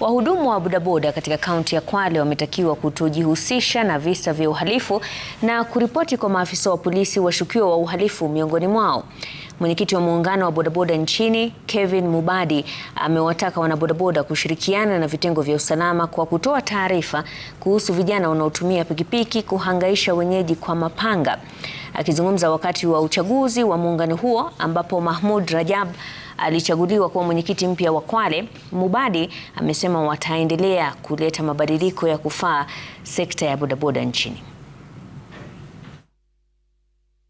Wahudumu wa bodaboda katika kaunti ya Kwale wametakiwa kutojihusisha na visa vya uhalifu na kuripoti kwa maafisa wa polisi washukiwa wa uhalifu miongoni mwao. Mwenyekiti wa muungano wa bodaboda nchini, Kevin Mubadi, amewataka wanabodaboda kushirikiana na vitengo vya usalama kwa kutoa taarifa kuhusu vijana wanaotumia pikipiki kuhangaisha wenyeji kwa mapanga. Akizungumza wakati wa uchaguzi wa muungano huo ambapo mahmud Rajab alichaguliwa kuwa mwenyekiti mpya wa Kwale, Mubadi amesema wataendelea kuleta mabadiliko ya kufaa sekta ya bodaboda nchini.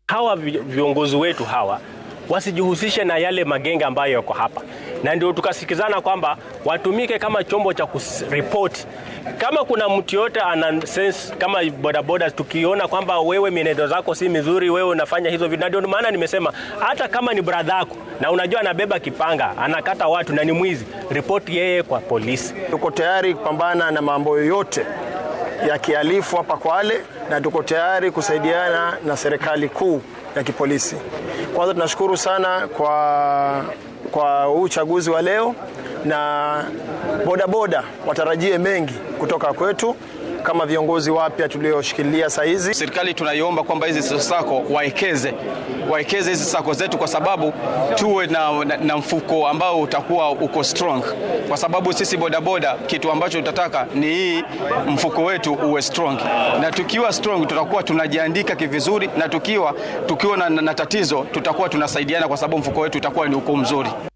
Hawa viongozi wetu hawa wasijihusishe na yale magenge ambayo yako hapa na ndio tukasikizana kwamba watumike kama chombo cha kuripoti kama kuna mtu yote ana sense kama bodaboda, tukiona kwamba wewe mienendo zako si mizuri, wewe unafanya hizo vitu. Na ndio maana nimesema hata kama ni bradhako yako na unajua anabeba kipanga anakata watu na ni mwizi, ripoti yeye kwa polisi. Tuko tayari kupambana na mambo yoyote ya kihalifu hapa Kwale na tuko tayari kusaidiana na serikali kuu ya kipolisi. Kwanza tunashukuru sana kwa kwa uchaguzi wa leo, na bodaboda watarajie mengi kutoka kwetu kama viongozi wapya tulioshikilia sasa hizi, serikali tunaiomba kwamba hizi sako waekeze waekeze hizi sako zetu, kwa sababu tuwe na, na, na mfuko ambao utakuwa uko strong, kwa sababu sisi bodaboda kitu ambacho tutataka ni hii mfuko wetu uwe strong, na tukiwa strong tutakuwa tunajiandika kivizuri, na tukiwa tukiwa na, na tatizo tutakuwa tunasaidiana, kwa sababu mfuko wetu utakuwa ni uko mzuri.